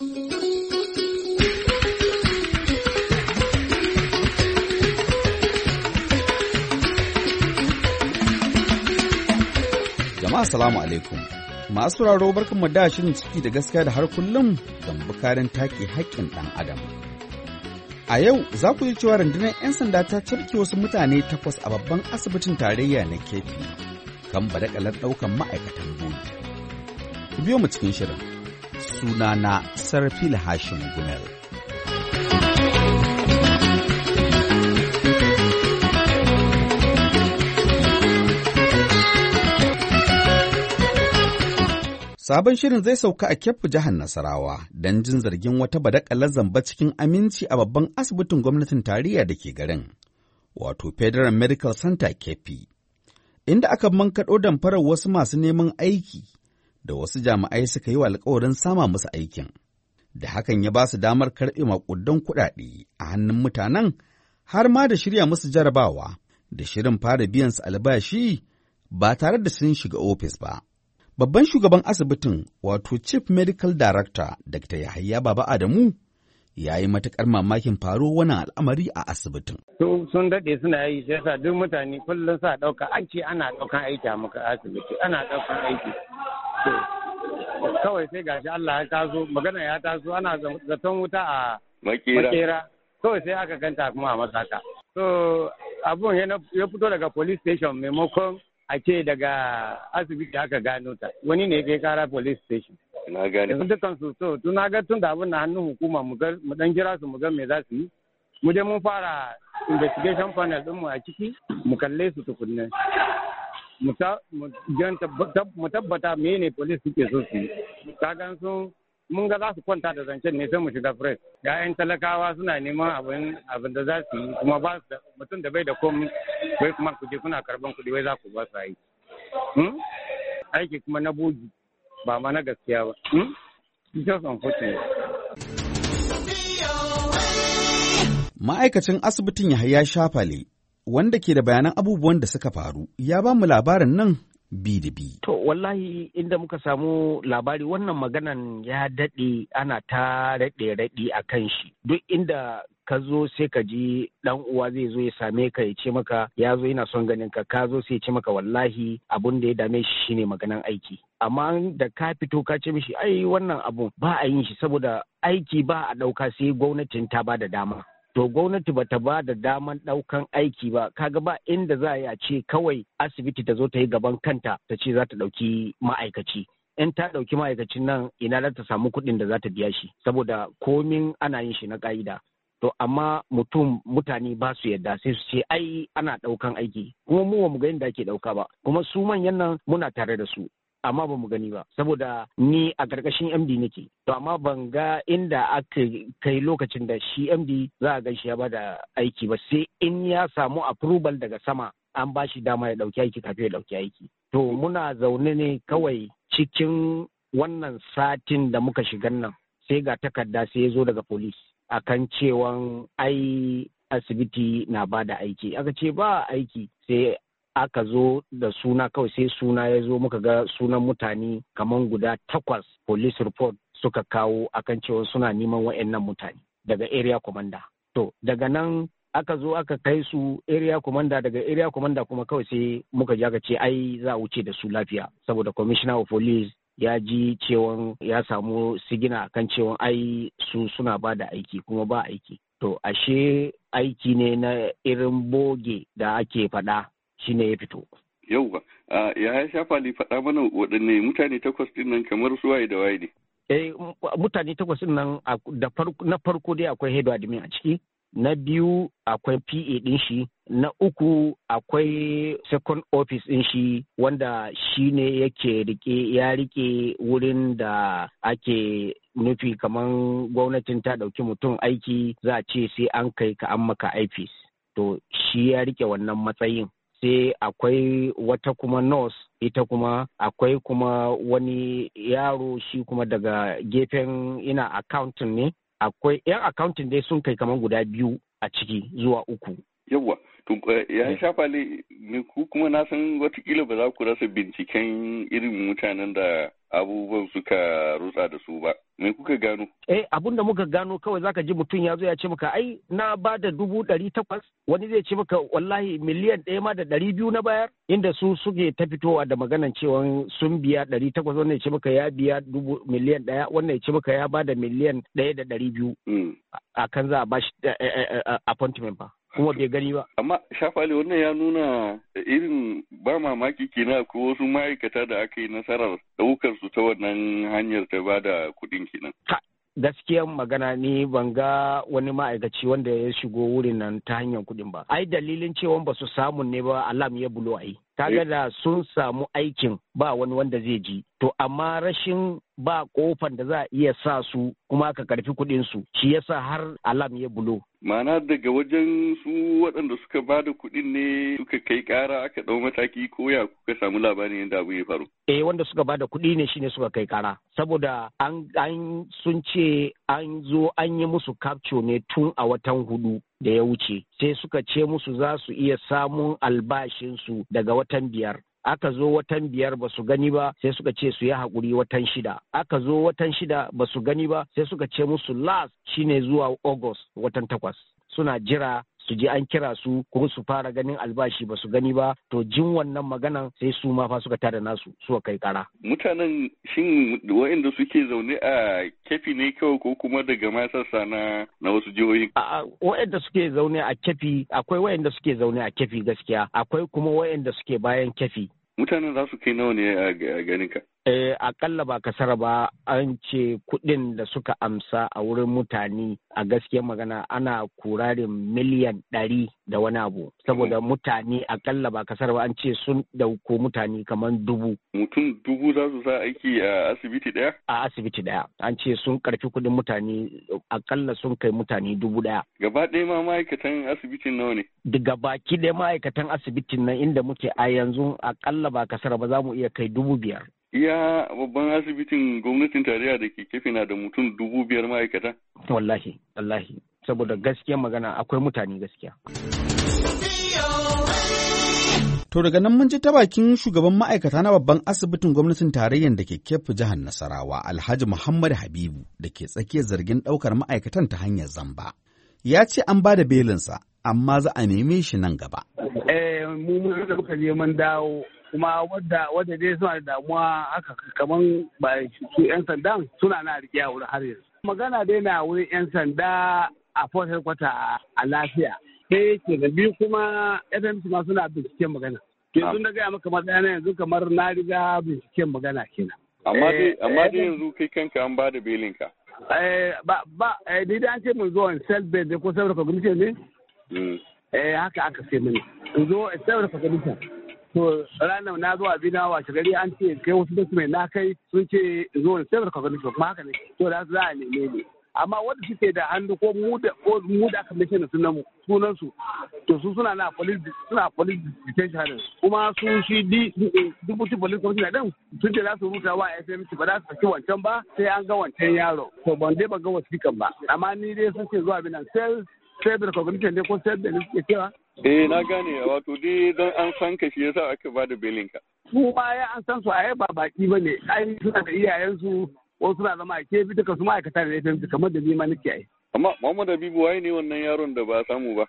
Jama'a salamu alaikum. Masu sauraro barkanmu da shirin ciki da gaskiya da har kullum don bukarin take haƙƙin ɗan adam. A yau za ku ji cewa rundunar 'yan sanda ta cafke wasu mutane takwas a babban asibitin tarayya na Kefi kan badakalar ɗaukan ma'aikatan boye. Ku biyo mu cikin shirin. sunana sarfil hashim gunar. Sabon shirin zai sauka a Keffu jihar Nasarawa don jin zargin wata badakalar zamba cikin aminci a babban asibitin gwamnatin tarayya da ke garin, wato Federal Medical Center Kepi, inda aka mankaɗo damfarar wasu masu neman aiki da wasu jami'ai suka yi wa alkawarin sama musu aikin, da hakan ya ba su damar karɓe maƙudan kuɗaɗe a hannun mutanen har ma da shirya musu jarabawa da shirin fara biyan su albashi ba tare da sun shiga ofis ba. Babban shugaban asibitin wato Chief Medical Director Dr. Yahaya Baba Adamu ya yi matuƙar mamakin faro wannan al'amari a asibitin. sun daɗe suna yi shi yasa duk mutane kullum sa ɗauka an ce ana ɗaukan aiki a muka asibiti ana ɗaukan aiki to kawai sai gashi Allah ya taso magana ya taso ana zaton wuta a makera kawai sai aka ganta kuma a masaka So, abun ya fito daga police station maimakon a ce daga asibiti aka gano ta wani ne kai kara police station na gane yanzu dukkan su to tun na ga tun da abun na hannun hukuma mu dan kira su mu ga me za su yi mu je mun fara investigation panel din mu a ciki mu kalle su tukunne mu tabbata mene police suke so su yi gan sun mun ga za su kwanta da zancen ne sai mu shiga press ya'yan talakawa suna neman abin abin da za su yi kuma ba su mutum da bai da komai bai kuma kuje kuna karban kuɗi wai za ku ba su aiki hmm? aiki kuma na bogi ba ma na gaskiya ba hmm? just unfortunate ma'aikacin asibitin yahaya shafale wanda ke da bayanan abubuwan da suka faru ya ba mu labarin nan bi da bi. To wallahi inda muka samu labari wannan maganan ya daɗe ana ta raɗe-raɗe a kan shi duk inda ka zo sai ka ji dan uwa zai zo ya same ka ya ce maka ya zo yana son ganin ka ka zo sai ya ce maka wallahi abun da ya dame shi shine maganan aiki amma da ka fito ka ce mishi ai wannan abun ba a yin shi saboda aiki ba a ɗauka sai gwamnatin ta ba da dama to gwamnati ba ta ba da daman ɗaukan aiki ba kaga ba inda za a ce kawai asibiti ta zo ta yi gaban kanta ta ce za ta ɗauki ma'aikaci in ta ɗauki ma'aikacin nan ina za ta samu kuɗin da za ta biya shi saboda komin ana yin shi na ka'ida to amma mutum mutane ba su yadda sai su ce ai ana ɗaukan aiki kuma mu ba mu ga yadda ake ɗauka ba kuma su manyan nan muna tare da su amma ba mu gani ba saboda ni a karkashin md nake to amma ban ga inda aka kai lokacin da shi md za a gaishe ya ba da aiki ba sai in ya samu approval daga sama an ba shi dama ya ɗauki aiki kafin ya ɗauki aiki to muna zaune ne kawai cikin wannan satin da muka shiga nan sai ga takarda sai ya zo daga polis akan cewan ai asibiti na ba da aiki aka ce ba aiki sai aka zo da suna kawai sai suna ya zo muka ga sunan mutane kamar guda takwas police report suka kawo akan cewa suna neman wa'annan mutane daga area commander to daga nan aka zo aka kai su area commander daga area commander kuma kawai sai muka ji aka ce ai za a wuce da su lafiya saboda commissioner of police ya ji cewan ya samu sigina akan cewan ai su suna ba da aiki kuma ba aiki to ashe aiki ne na irin boge da ake faɗa Shi ne ya fito yauwa ya ya shafa ne faɗa mana waɗanne mutane takwas ɗin nan kamar su waye da waye ne eh mutane takwas ɗin nan na farko dai akwai head a ciki na biyu akwai PA ɗin shi, na uku akwai second office ɗin shi wanda shi ne yake rike ya rike wurin da ake nufi kamar gwamnatin ta ɗauki mutum aiki za a ce sai an kai ka an maka IPs. To shi ya rike wannan matsayin. sai akwai wata kuma nurse ita kuma akwai kuma wani yaro shi kuma daga gefen ina accounting ne akwai yan accounting dai sun kai kamar guda biyu a ciki zuwa uku yawwa ya yi eh. shafale ne ku kuma na san watakila ba za ku rasa binciken irin mutanen da abubuwan suka rutsa da su ba me kuka gano eh abun da muka gano kawai zaka ji mutum ya zo ya ce maka ai na bada dubu ɗari takwas wani zai ce maka wallahi miliyan ɗaya ma da ɗari biyu na bayar inda su suke ta fitowa da maganan cewa sun biya ɗari takwas wannan ya ce maka ya biya dubu miliyan ɗaya wannan ya ce maka ya ba da miliyan ɗaya da ɗari biyu mm. a kan za a bashi eh, eh, appointment ba kuma bai gani ba. Amma shafali wannan ya nuna irin ba mamaki kenan ko wasu ma'aikata da aka yi nasarar ɗaukar su ta wannan hanyar ta ba da kuɗin gaskiyan magana ni ban ga wani ma'aikaci wanda ya shigo wurin nan ta hanyar kuɗin ba. Ai dalilin cewa ba su samu ne ba alam ya bulo ai. ga da sun samu aikin ba wani wanda zai ji. To amma rashin ba kofan da za a iya sa su kuma ka karfi kuɗin su shi yasa har alam ya bulo. Mana daga wajen su waɗanda suka ba da kuɗin ne suka kai ƙara aka ɗau mataki ko ya kuka samu labarin yadda abu ya faru. Eh wanda suka ba da kuɗi ne shine suka kai ƙara. Saboda an, an sun ce an zo an yi musu capture ne tun a watan hudu. da ya wuce sai suka ce musu za su iya samun albashinsu daga watan biyar aka zo watan biyar ba su gani ba sai suka ce su yi haƙuri watan shida aka zo watan shida ba su gani ba sai suka ce musu last shine zuwa august watan takwas suna jira su je an kira su ko su fara ganin albashi ba su gani ba to jin wannan maganan sai su ma fa suka tada nasu su kai kara. Mutanen shin waɗanda suke zaune a kefi ne kawai ko kuma daga masassa na na wasu jihohi? Waɗanda suke zaune a kefi akwai waɗanda suke zaune a kefi gaskiya akwai kuma waɗanda suke bayan kefi Mutanen za su kai nawa ne a ganinka? Eh, akalla ba kasara ba an ce kuɗin da suka amsa a wurin mutane a gaskiya magana ana kurarin miliyan ɗari da wani abu saboda mm. mutane akalla ba kasar ba an ce sun dauko mutane kamar dubu. Mutum dubu za su sa aiki a asibiti ɗaya? A asibiti ɗaya an ce sun karfi kuɗin mutane akalla sun kai mutane dubu ɗaya. Gaba ɗaya ma ma'aikatan asibitin nawa ne? Daga baki ɗaya ma'aikatan asibitin nan inda muke a yanzu akalla ba kasar ba za mu iya kai dubu biyar. iya babban asibitin gwamnatin tarayya da ke kefe na da mutum dubu biyar ma'aikata? Wallahi, wallahi, saboda gaskiya magana akwai mutane gaskiya. To daga nan mun ji ta bakin shugaban ma'aikata na babban asibitin gwamnatin tarayyar da ke kefi jihar Nasarawa Alhaji Muhammad Habibu da ke tsakiyar zargin ɗaukar ma'aikatan ta hanyar zamba. Ya ce an ba da belinsa amma za a neme shi nan gaba. Eh, mu mun da kuka je mun dawo kuma wadda wadda dai suna da damuwa haka kaman ba su yan sandan suna na rike a wurin har yanzu magana dai na wurin yan sanda a fort headquarter a lafiya sai yake da biyu kuma fmc ma suna binciken magana ah. yanzu na gaya maka matsaya na yanzu kamar na riga binciken magana kenan amma dai eh, amma dai eh, yanzu kai kanka an bada belin ka eh ba ba eh, ni da an ce mun zo in self bed ko self recognition ne hmm. eh haka aka ce mini in zo self recognition to ranar na zuwa bina wace gari an ce kai wasu document na kai sun ce zo in sai ka gani kuma haka ne to da za a neme ne amma wanda suke da hannu ko mu da ko mu da aka mishe sunan sunan su to su suna na police suna police detention kuma su shi di dubuti police na dan sun ce za su rubuta wa FMC ba za su saki wancan ba sai an ga wancan yaro to ban dai ban ga wasiƙan ba amma ni dai sun ce zuwa binan sai sai da recognition dai ko sai da ne suke cewa Eh na gane wato dai dan an san ka shi yasa aka bada belin ka. Su ma ya an san su ai ba baki bane ai suna da iyayen su wasu suna zama a kebi duka su ma'aikata da laifin kamar da ni nake ai. Amma Muhammad Habibu waye ne wannan yaron da ba a samu ba?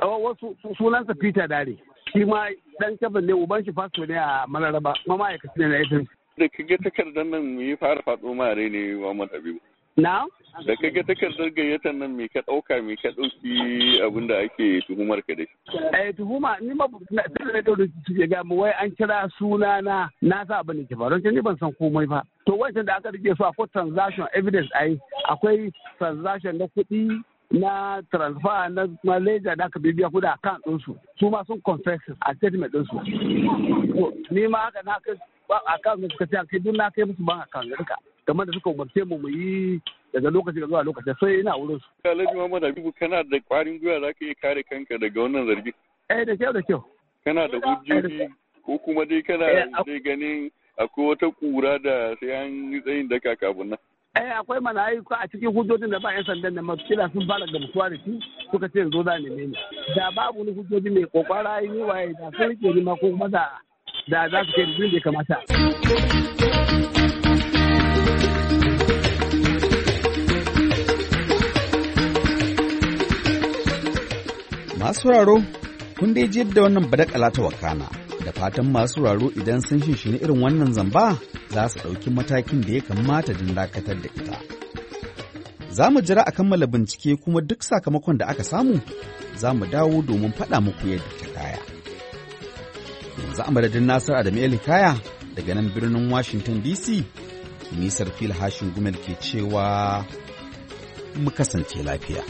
Wasu sunansa Peter Dare. Shi ma dan kafin ne uban shi fasto ne a Mararaba ma ma'aikaci ne na laifin. Da kage takardar nan mu yi fara faɗo ma ne Muhammad Habibu. Na? Da kaga takardar gayyatar nan me ka ɗauka me ka ɗauki abin da ake tuhumar ka da shi. Eh tuhuma ni ma na da da ya ga mu wai an kira suna na na sa abin da ke faru don ni ban san komai ba. To wancan da aka rike su akwai transaction evidence ai akwai transaction na kuɗi na transfer na malaysia da aka bibiya a account ɗinsu su ma sun confess a statement ɗinsu ni ma haka na kai ba a kan suka ce kai duk na kai musu ban a kan rinka kamar da suka umarce mu mu yi daga lokaci zuwa lokaci sai ina wurin su. Alhaji Muhammad Habibu kana da kwarin gwiwa za ka iya kare kanka daga wannan zargi. Eh da kyau da kyau. Kana da hujjoji ko kuma dai kana eh, dai ganin akwai wata kura da sai an yi tsayin da kafin nan. Eh akwai mana ayyuka a cikin hujjojin da ba 'yan sandan da masu kila sun fara gamsuwa da shi suka ce zo za ne ne Da babu ni hujjoji mai kokwara yi waye da sun rike ni ma ko kuma da da za su kai da ya kamata. Masu raro, kun dai jiyar da wannan badakala ta wakana, da fatan masu wuraro idan sun shinshini irin wannan zamba za su ɗauki matakin da ya kamata don dakatar da ita. Za mu jira a kammala bincike kuma duk sakamakon da aka samu, za mu dawo domin faɗa muku yadda yanzu a madadin Nasir Adam Elikaya daga nan birnin Washington DC, nisar fil hashin gumel ke cewa mu kasance lafiya.